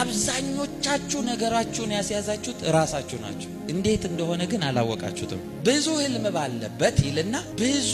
አብዛኞቻችሁ ነገራችሁን ያስያዛችሁት እራሳችሁ ናችሁ። እንዴት እንደሆነ ግን አላወቃችሁትም። ብዙ ህልም ባለበት ይልና ብዙ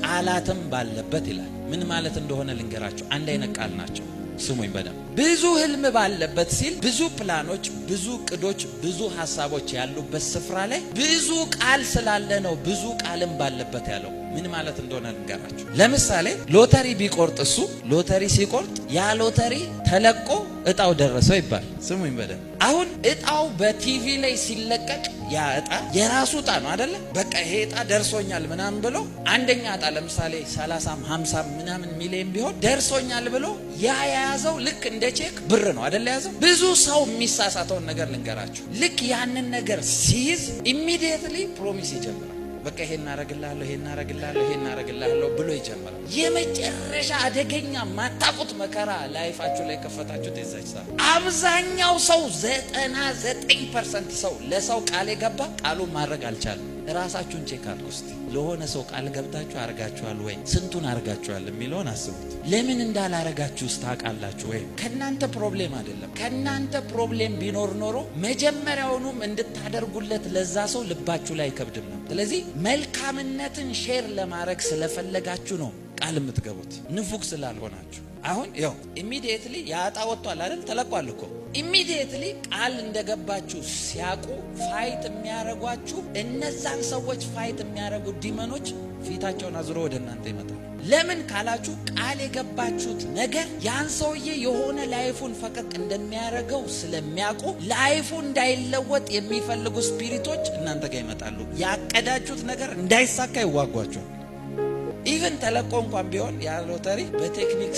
ቃላትም ባለበት ይላል። ምን ማለት እንደሆነ ልንገራችሁ። አንድ አይነት ቃል ናቸው። ስሙኝ በደንብ። ብዙ ህልም ባለበት ሲል ብዙ ፕላኖች፣ ብዙ እቅዶች፣ ብዙ ሀሳቦች ያሉበት ስፍራ ላይ ብዙ ቃል ስላለ ነው ብዙ ቃልም ባለበት ያለው ምን ማለት እንደሆነ ልንገራችሁ። ለምሳሌ ሎተሪ ቢቆርጥ እሱ ሎተሪ ሲቆርጥ ያ ሎተሪ ተለቆ እጣው ደረሰው ይባል። ስሙኝ በደንብ አሁን እጣው በቲቪ ላይ ሲለቀቅ ያ እጣ የራሱ እጣ ነው አደለ? በቃ ይሄ እጣ ደርሶኛል ምናምን ብሎ አንደኛ እጣ ለምሳሌ 30 50 ምናምን ሚሊዮን ቢሆን ደርሶኛል ብሎ ያ የያዘው ልክ እንደ ቼክ ብር ነው አደለ? ያዘው ብዙ ሰው የሚሳሳተውን ነገር ልንገራችሁ። ልክ ያንን ነገር ሲይዝ ኢሚዲየትሊ ፕሮሚስ ይጀምራል። በቃ ይሄን እናረግልሃለሁ፣ ይሄን እናረግልሃለሁ፣ ይሄን እናረግልሃለሁ ብሎ ይጀምራል። የመጨረሻ አደገኛ ማታቁት መከራ ላይፋችሁ ላይ ከፈታችሁት የዛች ሰዓት አብዛኛው ሰው ዘጠና ዘጠኝ ፐርሰንት ሰው ለሰው ቃል የገባ ቃሉ ማድረግ አልቻለም። ራሳችሁን ቼክ አድርጉ እስቲ። ለሆነ ሰው ቃል ገብታችሁ አርጋችኋል ወይ? ስንቱን አርጋችኋል የሚለውን አስቡት። ለምን እንዳላረጋችሁ ስታውቃላችሁ ወይ? ከእናንተ ፕሮብሌም አይደለም። ከእናንተ ፕሮብሌም ቢኖር ኖሮ መጀመሪያውኑም እንድታደርጉለት ለዛ ሰው ልባችሁ ላይ ከብድም ነው። ስለዚህ መልካምነትን ሼር ለማድረግ ስለፈለጋችሁ ነው ቃል የምትገቡት ንፉግ ስላልሆናችሁ አሁን ያው ኢሚዲየትሊ ያጣ ወጥቷል አይደል? ተለቋል እኮ ኢሚዲየትሊ ቃል እንደገባችሁ ሲያውቁ ፋይት የሚያረጓችሁ እነዛን ሰዎች ፋይት የሚያረጉ ዲመኖች ፊታቸውን አዝሮ ወደ እናንተ ይመጣል። ለምን ካላችሁ ቃል የገባችሁት ነገር ያን ሰውዬ የሆነ ላይፉን ፈቀቅ እንደሚያደርገው ስለሚያውቁ ላይፉ እንዳይለወጥ የሚፈልጉ ስፒሪቶች እናንተ ጋር ይመጣሉ። ያቀዳችሁት ነገር እንዳይሳካ ይዋጓችኋል። ኢቨን ተለቆ እንኳን ቢሆን ያ ሎተሪ በቴክኒክ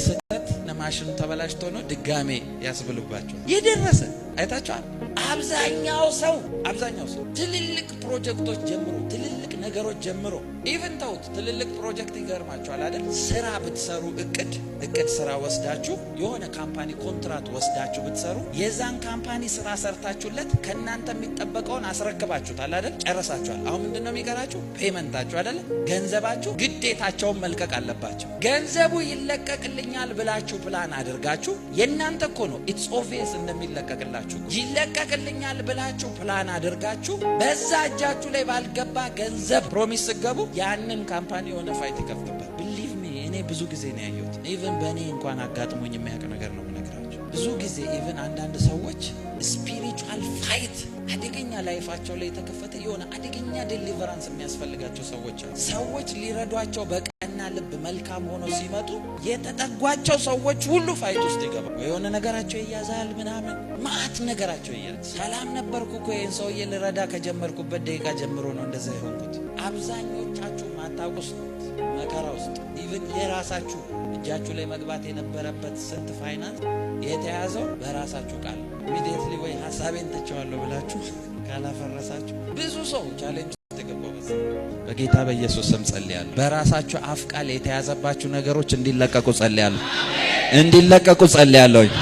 ማሽኑ ተበላሽቶ ነው ድጋሜ ያስብልባቸው የደረሰ አይታችኋል። አብዛኛው ሰው አብዛኛው ሰው ትልልቅ ፕሮጀክቶች ጀምሮ ትልልቅ ነገሮች ጀምሮ ኢቨን ተውት፣ ትልልቅ ፕሮጀክት ይገርማችኋል አይደል? ስራ ብትሰሩ እቅድ እቅድ ስራ ወስዳችሁ የሆነ ካምፓኒ ኮንትራት ወስዳችሁ ብትሰሩ የዛን ካምፓኒ ስራ ሰርታችሁለት ከእናንተ የሚጠበቀውን አስረክባችሁታል አይደል? ጨረሳችኋል። አሁን ምንድን ነው የሚቀራችሁ? ፔመንታችሁ አይደለ? ገንዘባችሁ። ግዴታቸውን መልቀቅ አለባቸው። ገንዘቡ ይለቀቅልኛል ብላችሁ ፕላን አድርጋችሁ የእናንተ እኮ ነው ኢትስ ኦቪየስ እንደሚለቀቅላችሁ አድርጋችሁ ይለቀቅልኛል ብላችሁ ፕላን አድርጋችሁ በዛ እጃችሁ ላይ ባልገባ ገንዘብ ፕሮሚስ ስገቡ ያንን ካምፓኒ የሆነ ፋይት ይከፍትበት። ብሊቭ ሚ እኔ ብዙ ጊዜ ነው ያየሁት። ኢቨን በእኔ እንኳን አጋጥሞኝ የሚያውቅ ነገር ነው የምነግራቸው። ብዙ ጊዜ ኢቨን አንዳንድ ሰዎች ስፒሪቹዋል ፋይት አደገኛ ላይፋቸው ላይ የተከፈተ የሆነ አደገኛ ዴሊቨራንስ የሚያስፈልጋቸው ሰዎች ሰዎች ሊረዷቸው በቃ ልብ መልካም ሆኖ ሲመጡ የተጠጓቸው ሰዎች ሁሉ ፋይት ውስጥ ይገባል። የሆነ ነገራቸው ይያዛል ምናምን ማት ነገራቸው ይያዝ። ሰላም ነበርኩ እኮ ይህን ሰውዬ ልረዳ ከጀመርኩበት ደቂቃ ጀምሮ ነው እንደዛ የሆንኩት። አብዛኞቻችሁ ማታውቁ ውስጥ መከራ ውስጥ ኢቭን የራሳችሁ እጃችሁ ላይ መግባት የነበረበት ስንት ፋይናንስ የተያዘው በራሳችሁ ቃል ኢሚዲየትሊ ወይ ሀሳቤን ትቸዋለሁ ብላችሁ ካላፈረሳችሁ ብዙ ሰው ቻሌንጅ በጌታ በኢየሱስ ስም ጸልያለሁ። በራሳችሁ አፍ ቃል የተያዘባችሁ ነገሮች እንዲለቀቁ ጸልያለሁ። እንዲለቀቁ ጸልያለሁ።